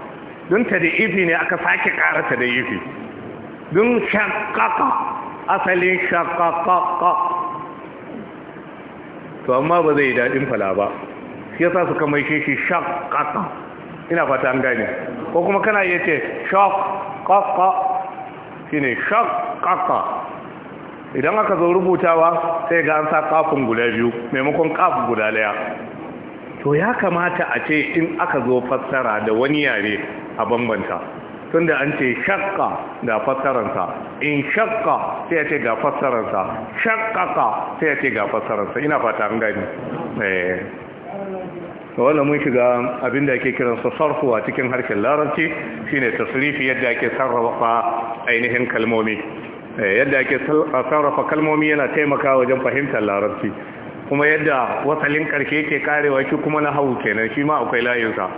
don ta da ifi ne aka sake ƙara ta da ifi don shakaka asalin shakaka to amma ba zai daɗin fala ba shi yasa su kama shi shi shakaka ina fata an gane ko kuma kana iya ce shakaka shine shaqqa idan aka zo rubutawa sai ga an sa kafin guda biyu maimakon kaf guda daya to ya kamata a ce in aka zo fassara da wani yare a bambanta tunda an ce shakka ga fassararsa in shakka sai ya ce ga fassararsa shakkaka sai ya ce ga fassararsa ina fata an gani eh. wannan mun shiga abin da ake kiran su sarfu a cikin harshen larabci shine tasrifi yadda ake sarrafa ainihin kalmomi eh, yadda ake sarrafa kalmomi yana taimaka wajen fahimtar larabci kuma yadda wasalin karshe yake karewa shi kuma na hawu kenan shi ma akwai layinsa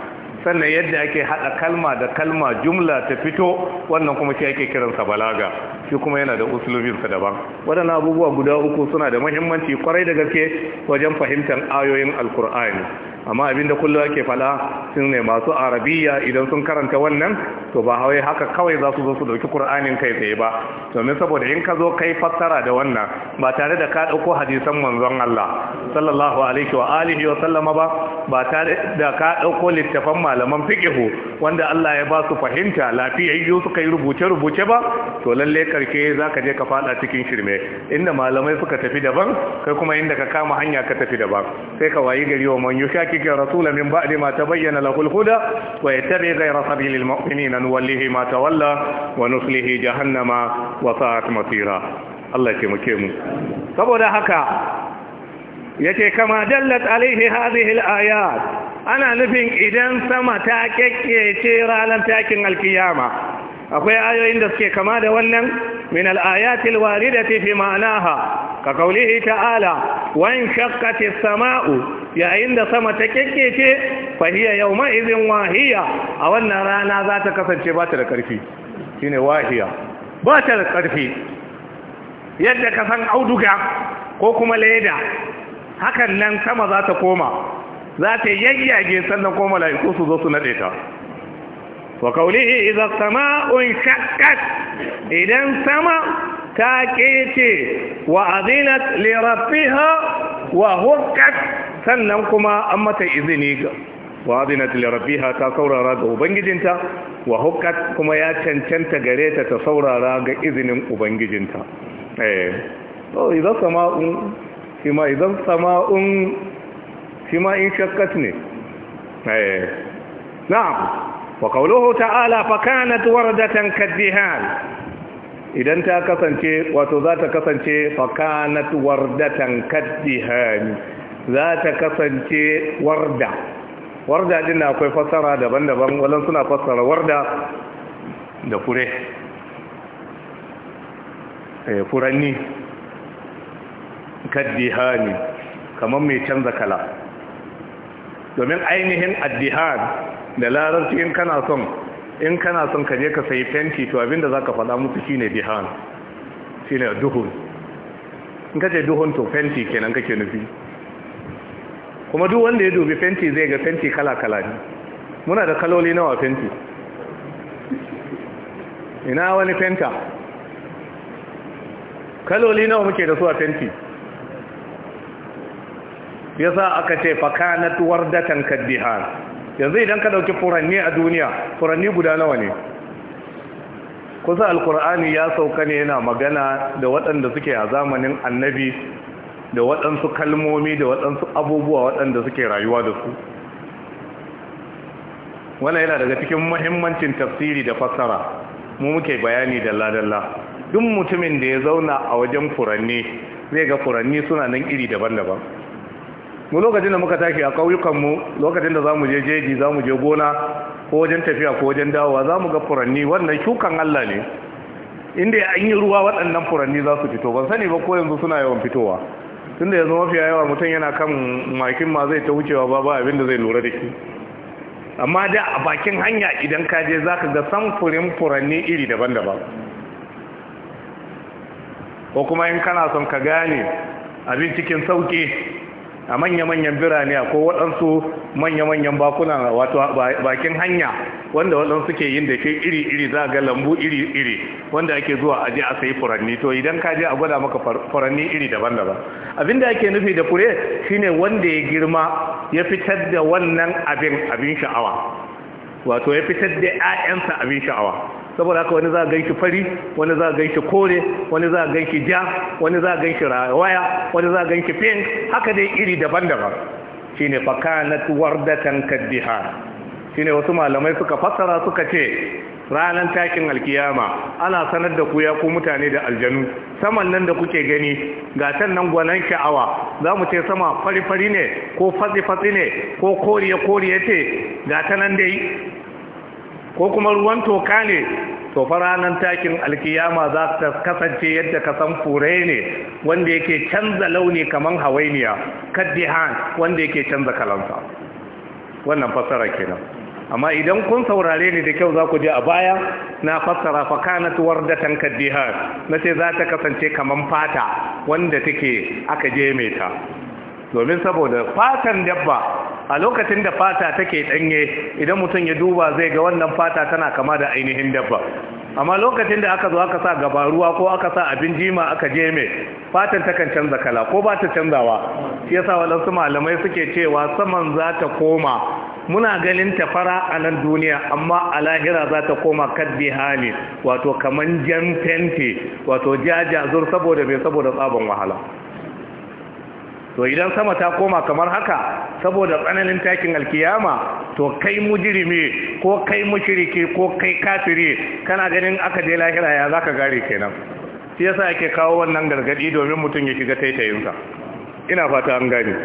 sannan yadda ake haɗa kalma da kalma jumla ta fito wannan kuma shi ake kiransa balaga shi kuma yana da usulubinsa daban waɗannan abubuwa guda uku suna da muhimmanci kwarai da gaske wajen fahimtar ayoyin alkur'ani amma abinda kullum ake fala sun ne masu arabiya idan sun karanta wannan to ba hawaye haka kawai za su zo su dauki kur'anin kai tsaye ba domin saboda in ka zo kai fassara da wannan ba tare da ka dauko hadisan manzon Allah sallallahu alaihi wa alihi wa sallama ba ba tare da ka ɗauko littafan malaman fiƙihu wanda Allah ya ba su fahimta lafiyayyu suka yi rubuce-rubuce ba to lalle karke za ka je ka fada cikin shirme inda malamai suka tafi daban kai kuma inda ka kama hanya ka tafi daban sai ka wayi gari wa man yushakika rasula min ba'di ma tabayyana lahul huda wa yattabi ghayra sabilil mu'minina nuwallihi ma tawalla wa nuslihi jahannama wa sa'at masira Allah ya taimake mu saboda haka yace kama dallat alaihi hazihil al-ayat ana nufin idan sama ta kekkece ranar takin alkiyama akwai ayoyin da suke kama da wannan min al-ayati al-waridati fi ma'naha ka qawlihi ta'ala wa shaqqati samau yayin da sama ta kekkece fa hiya yawma idhin wahiya a wannan rana za ta kasance ba ta da karfi shine wahiya ba ta da karfi yadda ka san auduga ko kuma leda hakan nan sama za ta koma za ta yayyage sannan ko mala'iku su zo su nade ta wa kaulihi idza sama'un shaqqat idan sama ta kece wa azinat li rabbiha wa hukkat sannan kuma an mata izini ga wa azinat li rabbiha ta saurara ga ubangijinta wa hukkat kuma ya cancanta gare ta ta saurara ga izinin ubangijinta eh to oh, idza sama'un shima idan sama'un shima in shakkat ne eh. na'am wa qawluhu ta'ala fa kanat wardatan kadhihan idan ta kasance wato za ta kasance fa kanat wardatan kadhihan za ta kasance warda warda din akwai fassara daban-daban wannan suna fassara warda da fure eh furanni kaddihani kamar mai canza kala domin ainihin addihan da larabci in kana son in kana son ka je ka sayi fenti to abinda zaka faɗa musu shine dihan shine duhun in ka je duhun to fenti kenan kake nufi kuma duk wanda ya dubi fenti zai ga fenti kala kala ne muna da kaloli nawa fenti ina wani fenta kaloli nawa muke da su a fenti Ya sa aka ce fakanat wardatan kaddihan yanzu idan ka dauki furanni a duniya furanni guda nawa ne kusa alkur'ani ya sauka ne yana magana da waɗanda suke a zamanin annabi da waɗansu kalmomi da waɗansu abubuwa waɗanda suke rayuwa da su wannan yana daga cikin muhimmancin tafsiri da fassara mu muke bayani dalla-dalla duk mutumin da ya zauna a wajen furanni zai ga furanni suna nan iri daban-daban mu lokacin da muka tashi a ƙauyukanmu lokacin da za mu je jeji za mu je gona ko wajen tafiya ko wajen dawowa za mu ga furanni wannan shukan Allah ne inda an yi ruwa waɗannan furanni za su fito ban sani ba ko yanzu suna yawan fitowa tunda yanzu mafiya yawa mutum yana kan makin ma zai ta wucewa ba ba abin da zai lura da shi amma da a bakin hanya idan ka je za ka ga samfurin furanni iri daban-daban ko kuma in kana son ka gane abin cikin sauƙi a manya-manyan birane ko waɗansu manya-manyan bakuna wato bakin hanya wanda waɗansu ke yin da ke iri-iri za ga lambu iri-iri wanda ake zuwa aje a sayi furanni to idan ka je a gwada maka furanni iri daban-daban Abin da ake nufi da fure shine wanda ya girma ya fitar da wannan abin abin sha'awa wato ya fitar da 'ya'yansa abin sha'awa saboda haka wani za a ganshi fari wani za a ganshi kore wani za a ganshi ja wani za a ganshi rawaya wani za a ganshi pink haka dai iri daban-daban shine fakanat wardatan kaddiha shine wasu malamai suka fassara suka ce ranar takin alkiyama ana sanar da ku ya ku mutane da aljanu saman nan da kuke gani ga can nan gwanan sha'awa za mu ce sama fari-fari ne ko fatsi-fatsi ne ko koriya-koriya ce gata nan dai ko kuma ruwan toka ne to faranan takin alkiyama za ta kasance yadda ka san fure ne wanda yake canza launi kaman hawainiya kaddihan wanda yake canza kalansa wannan fassara kenan amma idan kun saurare ni da kyau za ku je a baya na fassara fa kanat wardatan kaddihan na ce za ta kasance kamar fata wanda take aka je mai ta domin saboda fatan dabba a lokacin da fata take danye idan mutum ya duba zai ga wannan fata tana kama da ainihin dabba amma lokacin da aka zo aka sa gaba ruwa ko aka sa abin jima aka je mai fatan takan canza kala ko ba ta canzawa shi yasa waɗansu malamai suke cewa saman za ta koma muna ganin ta fara a nan duniya amma a lahira za ta koma kadbi hali wato kaman jan fenti wato zur saboda bai saboda tsabon wahala to idan sama ta koma kamar haka saboda tsananin takin alkiyama to kai mujirimi ko kai mushriki ko kai kafiri kana ganin aka je lahira ya zaka gare kenan shi yasa ake kawo wannan gargadi domin mutum ya shiga taitayinsa ina fata an gane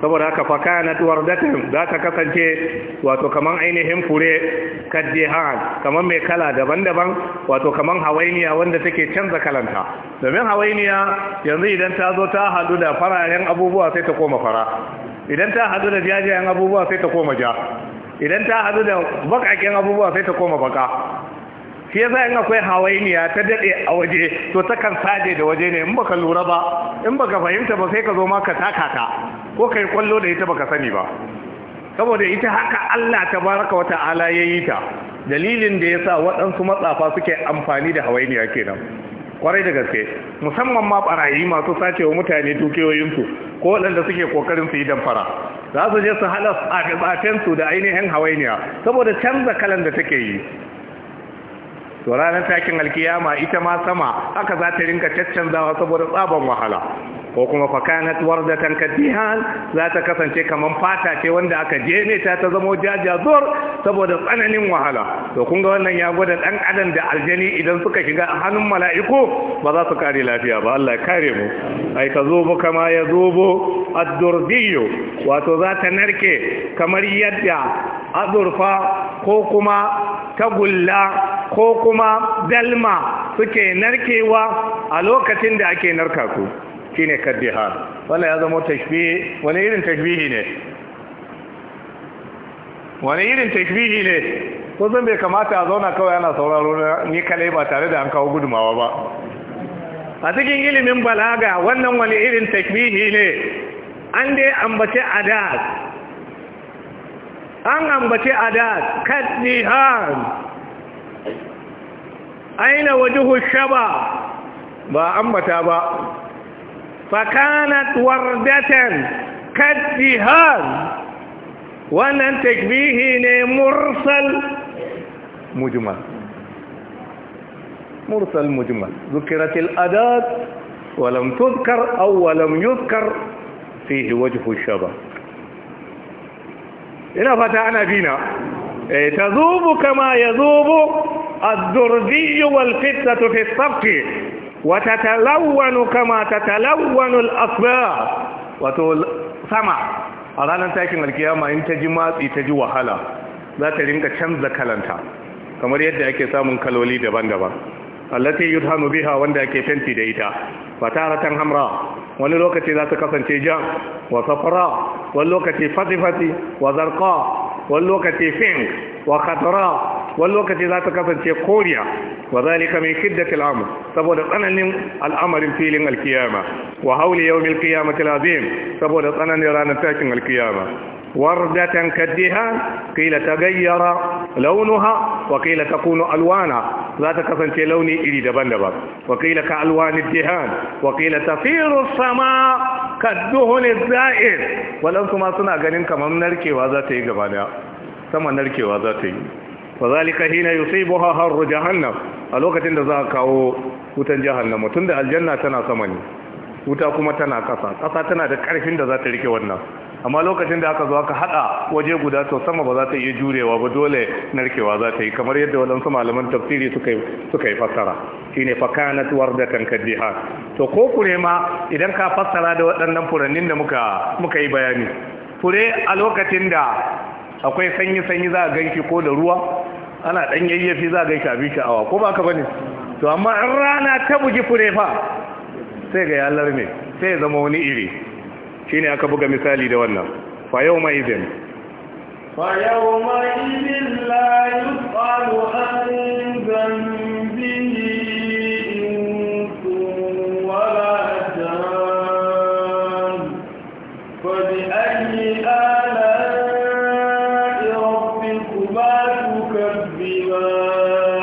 saboda haka tuwar datin za ta kasance wato kaman ainihin fure kaddihan kaman mai kala daban-daban wato kaman hawainiya wanda take canza kalanta domin hawainiya yanzu idan ta zo ta hadu da fararen abubuwa sai ta koma fara idan ta hadu da jajayen abubuwa sai ta koma ja idan ta hadu da bakaken abubuwa sai ta koma baka shi yasa in akwai hawainiya ta dade a waje to takan saje da waje ne in baka lura ba in baka fahimta ba sai ka zo ma ka taka ta ko kai kwallo da ita baka sani ba saboda ita haka Allah tabaraka wa ta'ala yayi ta dalilin da yasa waɗansu matsafa suke amfani da hawainiya kenan kwarai da gaske musamman ma barayi masu sacewa mutane mutane dukiyoyinsu ko waɗanda suke kokarin su yi damfara za su je su hada tsafe su da ainihin hawainiya saboda canza kalan da take yi to ranar takin alkiyama ita ma sama haka za ta rinka caccanzawa saboda tsaban wahala ko kuma fakanat wardatan kadihan za ta kasance kaman fata ce wanda aka jene ta ta zama jajazur saboda tsananin wahala to kun ga wannan ya gwada dan adam da aljani idan suka shiga hannun mala'iku ba za su kare lafiya ba Allah ya kare mu ai ka zobo kama ya zobo ad wato za ta narke kamar yadda azurfa ko kuma tagulla ko kuma dalma suke narkewa a lokacin da ake narka ku ne kaddihar wala ya zama tashbihi wani irin tashbihi ne wani irin tashbihi ne ko zan bai kamata a zauna kawai ana sauraro na. ni kalai ba tare da an kawo gudumawa ba a cikin ilimin balaga wannan wani irin tashbihi ne an dai ambace adas an ambace adat kaddihar aina wajuhu shaba ba ambata ba fakanat wardatan kaddihan wannan takbihi ne mursal mujmal mursal mujmal ذكرت الأداة ولم تذكر أو ولم يذكر فيه وجه الشبه إلى فتاة نبينا تذوب كما يذوب الدرزي والفتة في السبق وتتلون كما تتلون الأصباع وتقول سمع a ranar takin alkiyama in ta ji matsi ta ji wahala za ta rinka canza kalanta kamar yadda ake samun kaloli daban-daban allati yudhanu biha wanda ake fenti da ita fataratan hamra wani lokaci za ta kasance jan wa safara wani lokaci fasi-fasi, wa zarqa wani lokaci fin wa katara wani lokaci za ta kasance koriya wa zalika mai shidda tilamu saboda tsananin al'amarin filin alkiyama wa hauli yau milkiyama tilazim saboda tsananin ranar takin alkiyama warda tankadiha kila ta gayyara launuha wa ta kuno alwana za ta kasance launi iri daban-daban wa kila ka alwani dihan wa ta firu sama kadduhuni za'ir walansu ma suna ganin kamar narkewa za ta yi gaba da sama narkewa za ta yi fa zalika hina yusibuha harru jahannam a lokacin da za a kawo wutan jahannama tunda aljanna tana sama ne wuta kuma tana kasa kasa tana da karfin da za ta rike wannan amma lokacin da aka zo aka hada waje guda to sama ba za ta iya jurewa ba dole narkewa za ta yi kamar yadda waɗansu malaman tafsiri suka yi suka yi fassara shine fakanat wardatan kadiha to ko kure ma idan ka fassara da waɗannan furannin da muka yi bayani fure a lokacin da akwai sanyi sanyi za a ganki ko da ruwa ana dan yayyafi za a ganki abin sha'awa ko ba ka bane to amma in rana ta bugi fure fa sai ga yalar ne sai ya zama wani iri Shi ne aka buga misali da wannan fa yawma idin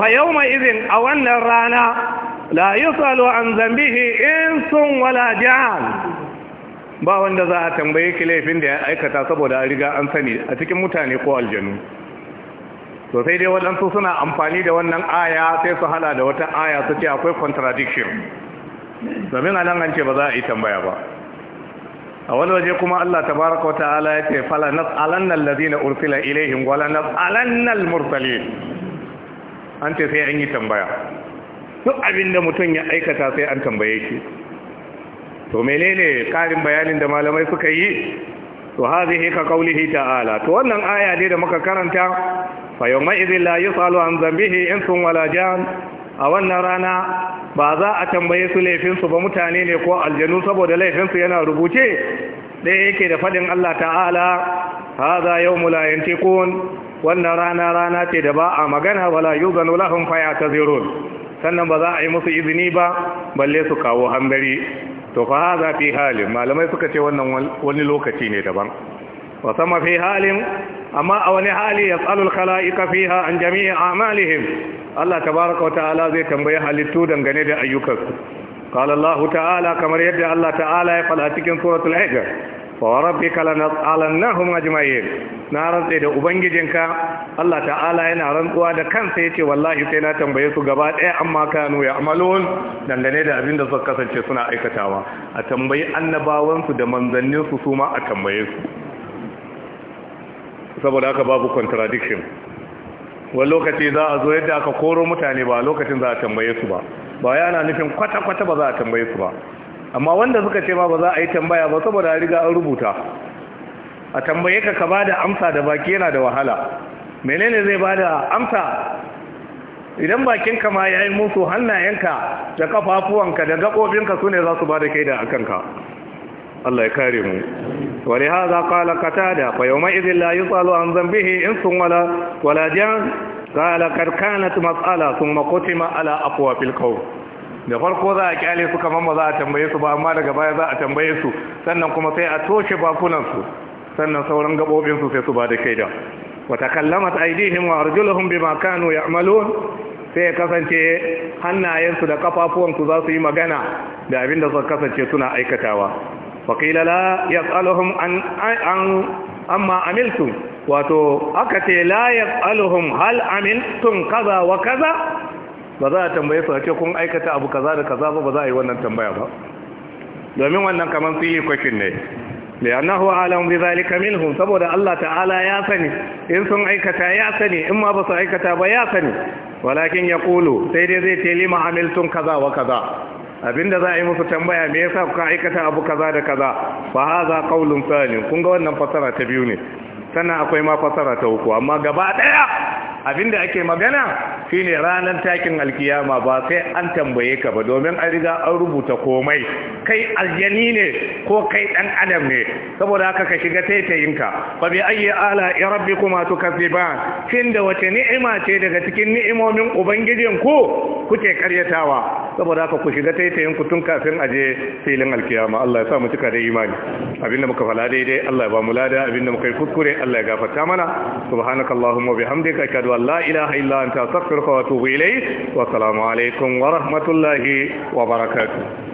an izin a wannan rana la yusalu an zambihi insun wala jan ba wanda za a tambaye ki laifin da ya aikata saboda riga an sani a cikin mutane ko aljanu to sai dai waɗansu suna amfani da wannan aya sai su hala da wata aya su ce akwai contradiction domin a nan an ce ba za a yi tambaya ba a wani waje kuma Allah tabaraka wata'ala ya ce fala nas'alanna lazina, ursila ilaihim wala nas'alanna al-mursalin an ce sai an yi tambaya duk abinda da mutum ya aikata sai an tambaye shi to menene karin bayanin da malamai suka yi to hazihi ka kaulihi ta'ala to wannan aya dai da muka karanta fa yawma idhil la yusalu an dhanbihi insun wala jan a wannan rana ba za a tambaye su laifin su ba mutane ne ko aljanu saboda laifin su yana rubuce dai yake da fadin Allah ta'ala hadha yawmul la yantiqun wannan rana rana ce da ba a magana wala yuzanu lahum fayatazirun sannan ba za a yi musu izini ba balle su kawo hambari to fa haza fi halin malamai suka ce wannan wani lokaci ne daban wa fi halin amma a wani hali yas'alul khalaiqa fiha an jami'i a'malihim Allah tabaaraka wa ta'ala zai tambaye halittu dangane da ayyukansu qala Allah ta'ala kamar yadda Allah ta'ala ya fada cikin suratul hijr wa rabbika lanas'alannahum ajma'in na rantsa da ubangijinka Allah ta'ala yana rantsuwa da kansa ya ce wallahi sai na tambaye su gaba ɗaya amma kanu ya amalun dangane da abin da suka kasance suna aikatawa a tambayi annabawansu da manzanninsu su su ma a tambaye su saboda haka babu contradiction wani lokaci za a zo yadda aka koro mutane ba lokacin za a tambaye su ba ba yana nufin kwata-kwata ba za a tambaye su ba amma wanda suka ce ma ba za a yi tambaya ba saboda a riga an rubuta a tambaye ka ka bada amsa da baki yana da wahala menene zai bada amsa idan bakin ka ma yayin musu hannayenka da kafafuwanka da gabobinka sune za su bada kaida akan ka Allah ya kare mu wa li hadha qala qatada fa yawma idhin la yusalu an dhanbihi insun wala wala jan qala kad kanat mas'ala thumma qutima ala aqwa fil qawm da farko za a kyale su kamar ba za a tambaye su ba amma daga baya za a tambaye su sannan kuma sai a toshe bakunansu sannan sauran gaɓoɓinsu sai su ba da shaida wata takallamat aydihim wa arjuluhum bima kanu ya'malun sai kasance hannayensu da kafafuwansu za su yi magana da abin da suka kasance suna aikatawa wa qila la yas'aluhum an an amma amiltum wato aka ce la yas'aluhum hal amiltum kaza wa kaza ba za a tambaye su ce kun aikata abu kaza da kaza ba ba za a yi wannan tambaya ba domin wannan kamar fili kwakin ne li'annahu alam bi zalika minhum saboda Allah ta'ala ya sani in sun aikata ya sani in ma ba su aikata ba ya sani walakin yaqulu sai dai zai ce lima amiltum kaza wa kaza abinda za a yi musu tambaya me yasa kuka aikata abu kaza da kaza fa hadha qawlun thani kun ga wannan fasara ta biyu ne sannan akwai ma fasara ta uku amma gaba ɗaya. abinda ake magana shine ranar takin alkiyama ba sai an tambaye ka ba domin an riga an rubuta komai kai aljani ne ko kai ɗan adam ne saboda haka ka shiga taitayinka fa bi ayyi ala ya rabbikuma ba. shin da wace ni'ima ce daga cikin ni'imomin ubangijin ku kuke karyatawa saboda haka ku shiga taitayin ku tun kafin aje filin alkiyama Allah ya sa mu cika da imani abinda muka fala daidai Allah ya ba mu lada abinda muka yi kuskure Allah ya gafarta mana subhanakallahumma bihamdika ashhadu an la ilaha illa anta astaghfiruka wa atubu ilayk wa assalamu alaikum wa rahmatullahi wa barakatuh